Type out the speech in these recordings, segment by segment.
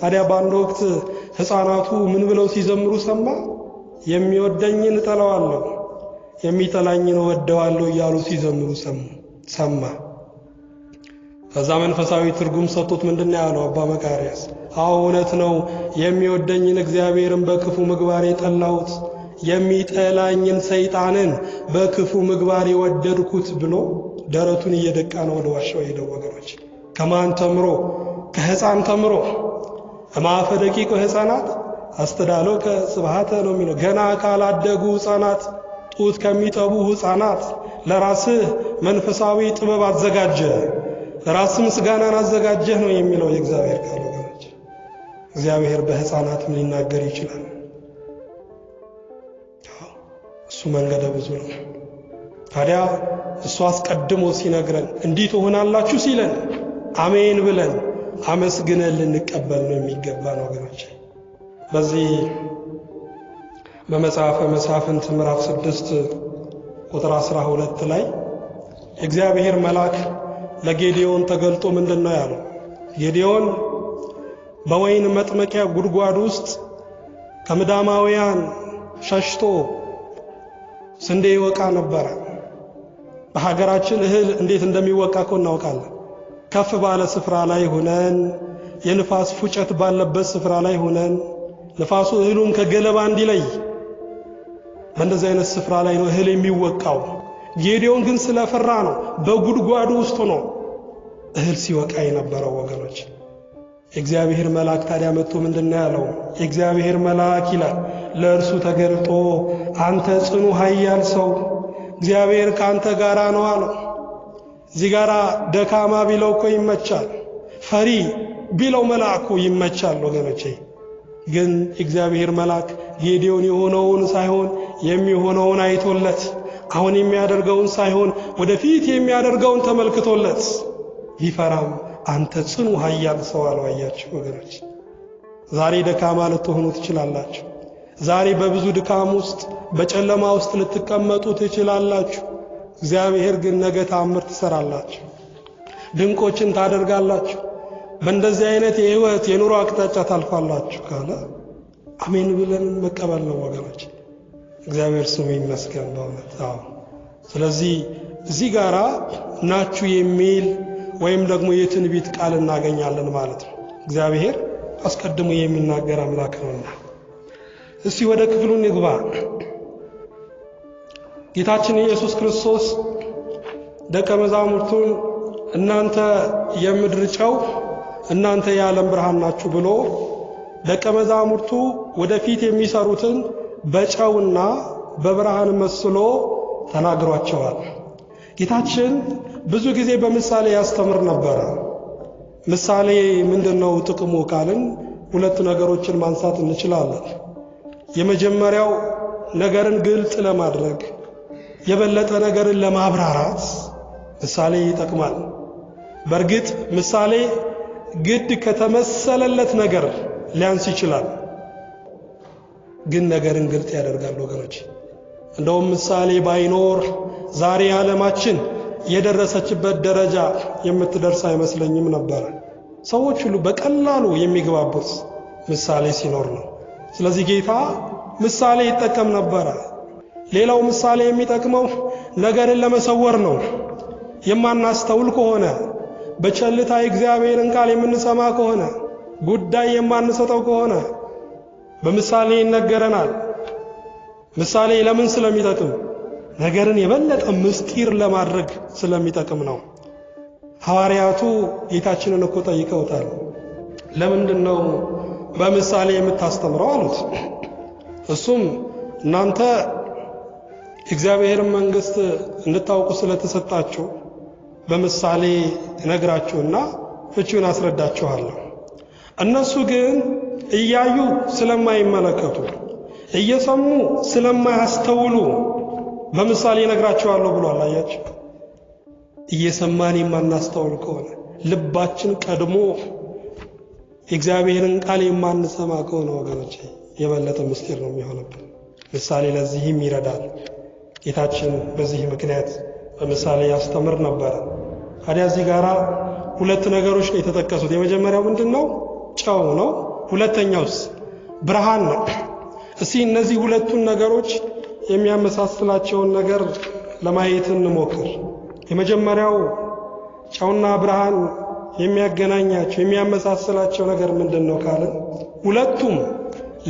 ታዲያ በአንድ ወቅት ሕፃናቱ ምን ብለው ሲዘምሩ ሰማ። የሚወደኝን እጠላዋለሁ፣ የሚጠላኝን እወደዋለሁ እያሉ ሲዘምሩ ሰማ። ከዛ መንፈሳዊ ትርጉም ሰጡት። ምንድን ያለው አባ መቃርያስ? አዎ እውነት ነው፣ የሚወደኝን እግዚአብሔርን በክፉ ምግባር የጠላሁት፣ የሚጠላኝን ሰይጣንን በክፉ ምግባር የወደድኩት ብሎ ደረቱን እየደቃ ነው ወደ ዋሻው ወገኖች ከማን ተምሮ? ከሕፃን ተምሮ እማፈ ደቂቆ ሕፃናት አስተዳሎ ከስብሃተ ነው የሚለው ገና ካላደጉ ሕፃናት ጡት ከሚጠቡ ሕፃናት ለራስህ መንፈሳዊ ጥበብ አዘጋጀ ራስ ምስጋናን አዘጋጀህ ነው የሚለው የእግዚአብሔር ቃል። ወገኖች እግዚአብሔር በህፃናት ምን ሊናገር ይችላል? እሱ መንገደ ብዙ ነው። ታዲያ እሱ አስቀድሞ ሲነግረን እንዲህ ትሆናላችሁ ሲለን አሜን ብለን አመስግነ ልንቀበል ነው የሚገባን ወገኖች። በዚህ በመጽሐፈ መሳፍንት ምዕራፍ ስድስት ቁጥር አስራ ሁለት ላይ የእግዚአብሔር መልአክ ለጌዲዮን ተገልጦ ምንድን ነው ያለው? ጌዲዮን በወይን መጥመቂያ ጉድጓድ ውስጥ ከምዳማውያን ሸሽቶ ስንዴ ይወቃ ነበረ። በሀገራችን እህል እንዴት እንደሚወቃ እኮ እናውቃለን። ከፍ ባለ ስፍራ ላይ ሆነን የንፋስ ፉጨት ባለበት ስፍራ ላይ ሆነን ንፋሱ እህሉን ከገለባ እንዲለይ በእንደዚህ አይነት ስፍራ ላይ ነው እህል የሚወቃው። ጌዲዮን ግን ስለፈራ ነው በጉድጓዱ ውስጥ ነው እህል ሲወቃ የነበረው። ወገኖች የእግዚአብሔር መልአክ ታዲያ መጥቶ ምንድን ነው ያለው? የእግዚአብሔር መልአክ ይላል ለእርሱ ተገልጦ አንተ ጽኑ ኃያል ሰው፣ እግዚአብሔር ከአንተ ጋር ነው አለው። እዚህ ጋር ደካማ ቢለው እኮ ይመቻል። ፈሪ ቢለው መልአኩ ይመቻል። ወገኖቼ ግን እግዚአብሔር መልአክ ጌዴዎን የሆነውን ሳይሆን የሚሆነውን አይቶለት አሁን የሚያደርገውን ሳይሆን ወደፊት የሚያደርገውን ተመልክቶለት ቢፈራም አንተ ጽኑ ኃያል ሰው አለው። አያችሁ ወገኖች፣ ዛሬ ደካማ ልትሆኑ ትችላላችሁ። ዛሬ በብዙ ድካም ውስጥ በጨለማ ውስጥ ልትቀመጡ ትችላላችሁ። እግዚአብሔር ግን ነገ ታምር ትሰራላችሁ፣ ድንቆችን ታደርጋላችሁ፣ በእንደዚህ አይነት የህይወት የኑሮ አቅጣጫ ታልፋላችሁ ካለ አሜን ብለን መቀበል ነው ወገኖች። እግዚአብሔር ስሙ ይመስገን በእውነት አዎ። ስለዚህ እዚህ ጋራ ናችሁ የሚል ወይም ደግሞ የትንቢት ቃል እናገኛለን ማለት ነው። እግዚአብሔር አስቀድሞ የሚናገር አምላክ ነውና። እስቲ ወደ ክፍሉ ይግባ። ጌታችን ኢየሱስ ክርስቶስ ደቀ መዛሙርቱን እናንተ የምድር ጨው፣ እናንተ የዓለም ብርሃን ናችሁ ብሎ ደቀ መዛሙርቱ ወደፊት የሚሰሩትን በጨውና በብርሃን መስሎ ተናግሯቸዋል። ጌታችን ብዙ ጊዜ በምሳሌ ያስተምር ነበረ። ምሳሌ ምንድነው ጥቅሙ ካልን ሁለት ነገሮችን ማንሳት እንችላለን። የመጀመሪያው ነገርን ግልጥ ለማድረግ የበለጠ ነገርን ለማብራራት ምሳሌ ይጠቅማል። በእርግጥ ምሳሌ ግድ ከተመሰለለት ነገር ሊያንስ ይችላል፣ ግን ነገርን ግልጥ ያደርጋል ወገኖች። እንደውም ምሳሌ ባይኖር ዛሬ ዓለማችን የደረሰችበት ደረጃ የምትደርስ አይመስለኝም ነበር። ሰዎች ሁሉ በቀላሉ የሚግባቡት ምሳሌ ሲኖር ነው። ስለዚህ ጌታ ምሳሌ ይጠቀም ነበረ። ሌላው ምሳሌ የሚጠቅመው ነገርን ለመሰወር ነው። የማናስተውል ከሆነ በቸልታ የእግዚአብሔርን ቃል የምንሰማ ከሆነ ጉዳይ የማንሰጠው ከሆነ በምሳሌ ይነገረናል። ምሳሌ ለምን ስለሚጠቅም? ነገርን የበለጠ ምስጢር ለማድረግ ስለሚጠቅም ነው። ሐዋርያቱ ጌታችንን እኮ ጠይቀውታል። ለምንድን ነው በምሳሌ የምታስተምረው አሉት። እሱም እናንተ የእግዚአብሔርን መንግሥት እንድታውቁ ስለተሰጣችሁ በምሳሌ እነግራችሁና ፍቺውን አስረዳችኋለሁ። እነሱ ግን እያዩ ስለማይመለከቱ እየሰሙ ስለማያስተውሉ በምሳሌ እነግራችኋለሁ ብሏል። አያችሁ፣ እየሰማን የማናስተውል ከሆነ ልባችን ቀድሞ የእግዚአብሔርን ቃል የማንሰማ ከሆነ ወገኖቼ፣ የበለጠ ምስጢር ነው የሚሆንብን። ምሳሌ ለዚህም ይረዳል። ጌታችን በዚህ ምክንያት በምሳሌ ያስተምር ነበረ። ታዲያ እዚህ ጋር ሁለት ነገሮች ነው የተጠቀሱት። የመጀመሪያው ምንድን ነው? ጨው ነው። ሁለተኛውስ ብርሃን ነው። እስኪ እነዚህ ሁለቱን ነገሮች የሚያመሳስላቸውን ነገር ለማየት እንሞክር። የመጀመሪያው ጨውና ብርሃን የሚያገናኛቸው የሚያመሳስላቸው ነገር ምንድን ነው ካለ ሁለቱም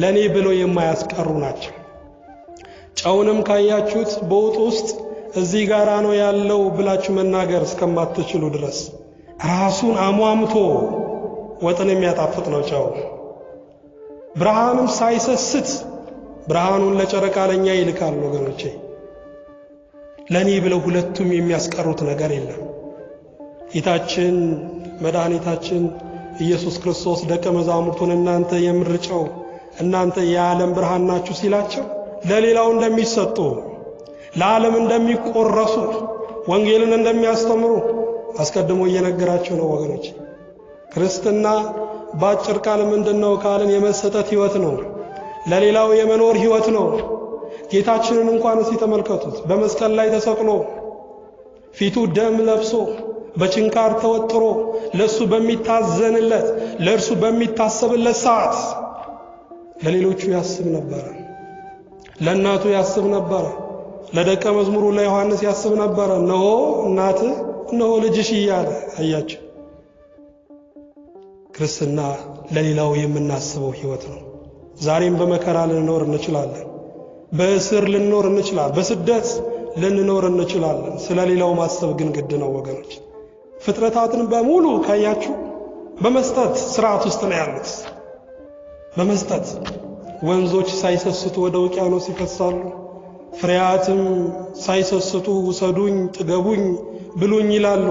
ለእኔ ብለው የማያስቀሩ ናቸው። ጨውንም ካያችሁት በወጥ ውስጥ እዚህ ጋራ ነው ያለው ብላችሁ መናገር እስከማትችሉ ድረስ ራሱን አሟምቶ ወጥን የሚያጣፍጥ ነው ጨው። ብርሃንም ሳይሰስት ብርሃኑን ለጨረቃ ለእኛ ይልካል። ወገኖቼ ለእኔ ብለው ሁለቱም የሚያስቀሩት ነገር የለም። ጌታችን መድኃኒታችን ኢየሱስ ክርስቶስ ደቀ መዛሙርቱን እናንተ የምድር ጨው፣ እናንተ የዓለም ብርሃን ናችሁ ሲላቸው ለሌላው እንደሚሰጡ፣ ለዓለም እንደሚቆረሱ፣ ወንጌልን እንደሚያስተምሩ አስቀድሞ እየነገራቸው ነው። ወገኖች ክርስትና በአጭር ቃል ምንድን ነው ካልን የመሰጠት ሕይወት ነው። ለሌላው የመኖር ሕይወት ነው። ጌታችንን እንኳን እስቲ ተመልከቱት። በመስቀል ላይ ተሰቅሎ ፊቱ ደም ለብሶ በችንካር ተወጥሮ ለሱ በሚታዘንለት ለእርሱ በሚታሰብለት ሰዓት ለሌሎቹ ያስብ ነበር። ለእናቱ ያስብ ነበረ። ለደቀ መዝሙሩ ለዮሐንስ ያስብ ነበረ። እነሆ እናት እነሆ ልጅሽ እያለ አያቸው። ክርስትና ለሌላው የምናስበው ህይወት ነው። ዛሬም በመከራ ልንኖር እንችላለን። በእስር ልንኖር እንችላለን። በስደት ልንኖር እንችላለን። ስለ ሌላው ማሰብ ግን ግድ ነው ወገኖች። ፍጥረታትን በሙሉ ካያችሁ በመስጠት ስርዓት ውስጥ ነው ያሉት በመስጠት ወንዞች ሳይሰስቱ ወደ ውቅያኖስ ይፈሳሉ። ፍሬያትም ሳይሰስቱ ውሰዱኝ፣ ጥገቡኝ፣ ብሉኝ ይላሉ።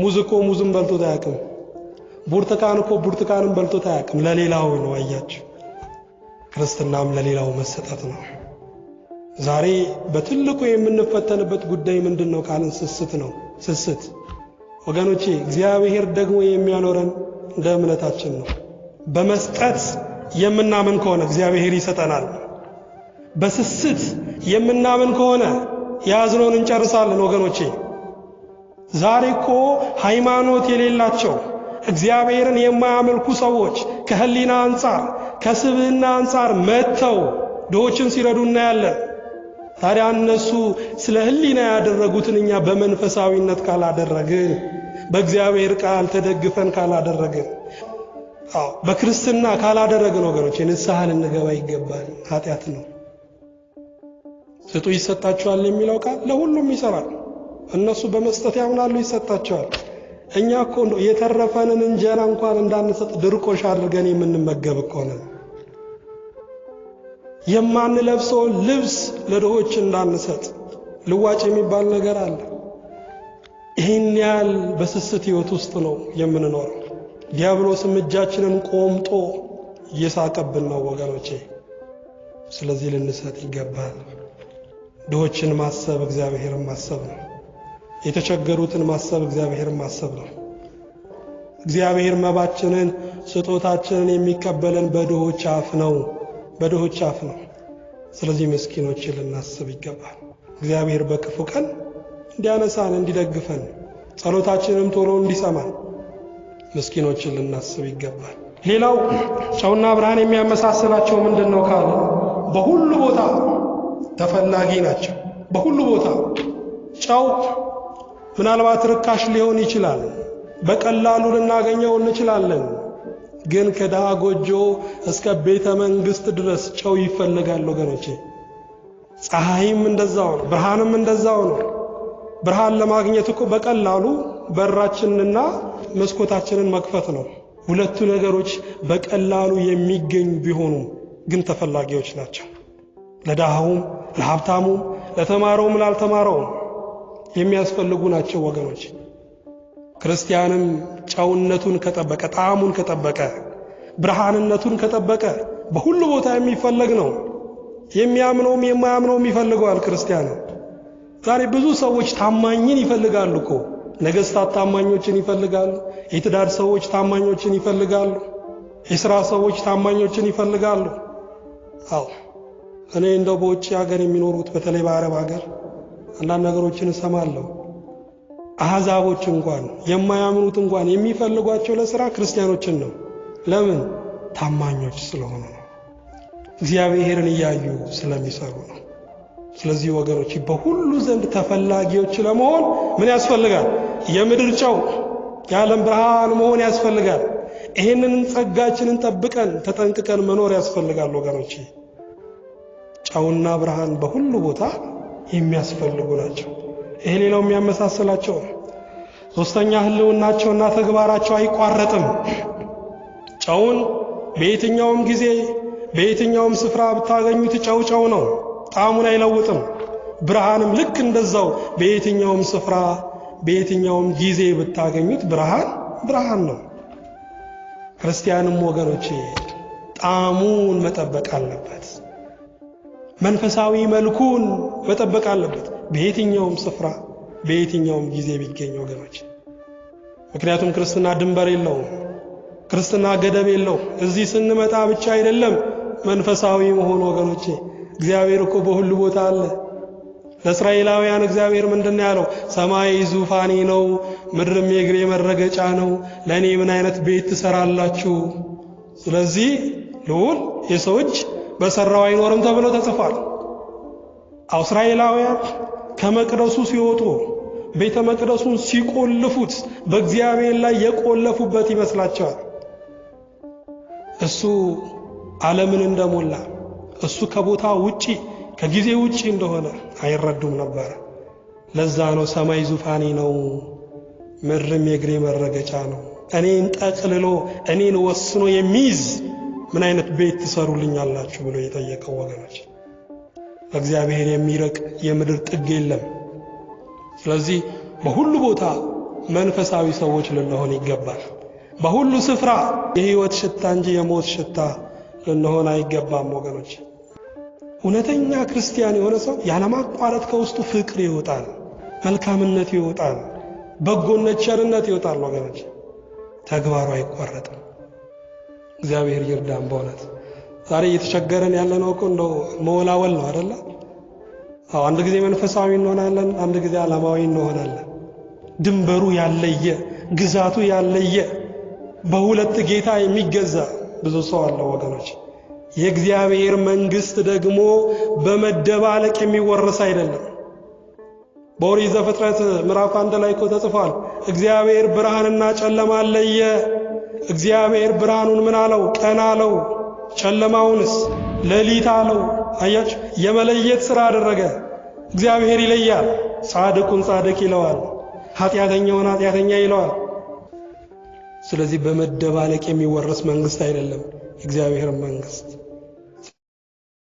ሙዝ እኮ ሙዝም በልቶት አያውቅም። ብርቱካን እኮ ብርቱካንም በልቶት አያውቅም። ለሌላው ነው። አያችሁ፣ ክርስትናም ለሌላው መሰጠት ነው። ዛሬ በትልቁ የምንፈተንበት ጉዳይ ምንድን ነው ካልን ስስት ነው። ስስት ወገኖቼ፣ እግዚአብሔር ደግሞ የሚያኖረን እንደ እምነታችን ነው በመስጠት የምናምን ከሆነ እግዚአብሔር ይሰጠናል። በስስት የምናምን ከሆነ የያዝነውን እንጨርሳለን። ወገኖቼ ዛሬ እኮ ሃይማኖት የሌላቸው እግዚአብሔርን የማያመልኩ ሰዎች ከህሊና አንጻር ከስብህና አንጻር መጥተው ድሆችን ሲረዱ እናያለን። ታዲያ እነሱ ስለ ህሊና ያደረጉትን እኛ በመንፈሳዊነት ካላደረግን፣ በእግዚአብሔር ቃል ተደግፈን ካላደረግን አዎ በክርስትና ካላደረግን ወገኖች ንስሐ ልንገባ ይገባል። ኃጢአት ነው። ስጡ ይሰጣቸዋል የሚለው ቃል ለሁሉም ይሰራል። እነሱ በመስጠት ያምናሉ፣ ይሰጣቸዋል። እኛ እኮ የተረፈንን እንጀራ እንኳን እንዳንሰጥ ድርቆሽ አድርገን የምንመገብ እኮ ነን። የማንለብሰውን ልብስ ለድሆች እንዳንሰጥ ልዋጭ የሚባል ነገር አለ። ይህን ያህል በስስት ህይወት ውስጥ ነው የምንኖረው። ዲያብሎስም እጃችንን ቆምጦ እየሳቀብን ነው ወገኖቼ። ስለዚህ ልንሰጥ ይገባል። ድሆችን ማሰብ እግዚአብሔርን ማሰብ ነው። የተቸገሩትን ማሰብ እግዚአብሔርን ማሰብ ነው። እግዚአብሔር መባችንን ስጦታችንን የሚቀበለን በድሆች አፍ ነው፣ በድሆች አፍ ነው። ስለዚህ ምስኪኖችን ልናስብ ይገባል። እግዚአብሔር በክፉ ቀን እንዲያነሳን እንዲደግፈን፣ ጸሎታችንም ቶሎ እንዲሰማን ምስኪኖችን ልናስብ ይገባል። ሌላው ጨውና ብርሃን የሚያመሳስላቸው ምንድን ነው ካለ በሁሉ ቦታ ተፈላጊ ናቸው። በሁሉ ቦታ ጨው ምናልባት ርካሽ ሊሆን ይችላል፣ በቀላሉ ልናገኘው እንችላለን። ግን ከድሃ ጎጆ እስከ ቤተ መንግሥት ድረስ ጨው ይፈልጋል ወገኖቼ። ፀሐይም እንደዛው ነው፣ ብርሃንም እንደዛው ነው። ብርሃን ለማግኘት እኮ በቀላሉ በራችንና መስኮታችንን መክፈት ነው። ሁለቱ ነገሮች በቀላሉ የሚገኙ ቢሆኑ ግን ተፈላጊዎች ናቸው። ለድሃውም፣ ለሀብታሙም፣ ለተማረውም፣ ላልተማረውም የሚያስፈልጉ ናቸው ወገኖች። ክርስቲያንም ጨውነቱን ከጠበቀ ጣዕሙን ከጠበቀ ብርሃንነቱን ከጠበቀ በሁሉ ቦታ የሚፈለግ ነው። የሚያምነውም የማያምነውም ይፈልገዋል። ክርስቲያንም ዛሬ ብዙ ሰዎች ታማኝን ይፈልጋሉ እኮ ነገስታት ታማኞችን ይፈልጋሉ። የትዳር ሰዎች ታማኞችን ይፈልጋሉ። የስራ ሰዎች ታማኞችን ይፈልጋሉ። አዎ እኔ እንደው በውጭ ሀገር የሚኖሩት በተለይ በአረብ ሀገር አንዳንድ ነገሮችን እሰማለሁ። አሕዛቦች እንኳን የማያምኑት እንኳን የሚፈልጓቸው ለሥራ ክርስቲያኖችን ነው። ለምን? ታማኞች ስለሆኑ ነው። እግዚአብሔርን እያዩ ስለሚሰሩ ነው። ስለዚህ ወገኖች በሁሉ ዘንድ ተፈላጊዎች ለመሆን ምን ያስፈልጋል? የምድር ጨው፣ የዓለም ብርሃን መሆን ያስፈልጋል። ይህንን ጸጋችንን ጠብቀን ተጠንቅቀን መኖር ያስፈልጋል ወገኖች ጨውና ብርሃን በሁሉ ቦታ የሚያስፈልጉ ናቸው። ይሄ ሌላው የሚያመሳስላቸው ሶስተኛ ህልውናቸውና ተግባራቸው አይቋረጥም። ጨውን በየትኛውም ጊዜ በየትኛውም ስፍራ ብታገኙት ጨው ጨው ነው፣ ጣዕሙን አይለውጥም። ብርሃንም ልክ እንደዛው በየትኛውም ስፍራ በየትኛውም ጊዜ ብታገኙት ብርሃን ብርሃን ነው። ክርስቲያንም ወገኖች ጣዕሙን መጠበቅ አለበት። መንፈሳዊ መልኩን መጠበቅ አለበት። በየትኛውም ስፍራ በየትኛውም ጊዜ ቢገኝ ወገኖች፣ ምክንያቱም ክርስትና ድንበር የለውም። ክርስትና ገደብ የለውም። እዚህ ስንመጣ ብቻ አይደለም መንፈሳዊ መሆን ወገኖቼ። እግዚአብሔር እኮ በሁሉ ቦታ አለ። ለእስራኤላውያን እግዚአብሔር ምንድን ያለው? ሰማይ ዙፋኔ ነው፣ ምድርም የእግሬ መረገጫ ነው። ለእኔ ምን አይነት ቤት ትሰራላችሁ? ስለዚህ ልዑል የሰው እጅ በሰራው አይኖርም ተብሎ ተጽፏል። አውስራኤላውያን እስራኤላውያን ከመቅደሱ ሲወጡ ቤተ መቅደሱን ሲቆልፉት በእግዚአብሔር ላይ የቆለፉበት ይመስላቸዋል። እሱ ዓለምን እንደሞላ እሱ ከቦታ ውጪ ከጊዜ ውጪ እንደሆነ አይረዱም ነበር። ለዛ ነው ሰማይ ዙፋኔ ነው፣ ምድርም የእግሬ መረገጫ ነው፣ እኔን ጠቅልሎ እኔን ወስኖ የሚይዝ ምን አይነት ቤት ትሰሩልኛላችሁ ብሎ የጠየቀው ወገኖች። እግዚአብሔር የሚርቅ የምድር ጥግ የለም። ስለዚህ በሁሉ ቦታ መንፈሳዊ ሰዎች ልንሆን ይገባል። በሁሉ ስፍራ የህይወት ሽታ እንጂ የሞት ሽታ ልንሆን አይገባም ወገኖች። እውነተኛ ክርስቲያን የሆነ ሰው ያለማቋረጥ ከውስጡ ፍቅር ይወጣል፣ መልካምነት ይወጣል፣ በጎነት፣ ቸርነት ይወጣል። ወገኖች ተግባሩ አይቋረጥም። እግዚአብሔር ይርዳን በእውነት ዛሬ እየተቸገረን ያለነው እኮ እንደው መወላወል ነው አደለ? አዎ፣ አንድ ጊዜ መንፈሳዊ እንሆናለን፣ አንድ ጊዜ ዓለማዊ እንሆናለን። ድንበሩ ያለየ፣ ግዛቱ ያለየ፣ በሁለት ጌታ የሚገዛ ብዙ ሰው አለው ወገኖች። የእግዚአብሔር መንግሥት ደግሞ በመደባለቅ የሚወረስ አይደለም። በኦሪት ዘፍጥረት ምዕራፍ አንድ ላይ እኮ ተጽፏል። እግዚአብሔር ብርሃንና ጨለማ ለየ። እግዚአብሔር ብርሃኑን ምን አለው? ቀን አለው። ጨለማውንስ ሌሊት አለው። አያች የመለየት ሥራ አደረገ። እግዚአብሔር ይለያል። ጻድቁን ጻድቅ ይለዋል፣ ኃጢአተኛውን ኃጢአተኛ ይለዋል። ስለዚህ በመደባለቅ የሚወረስ መንግሥት አይደለም። የእግዚአብሔር መንግስት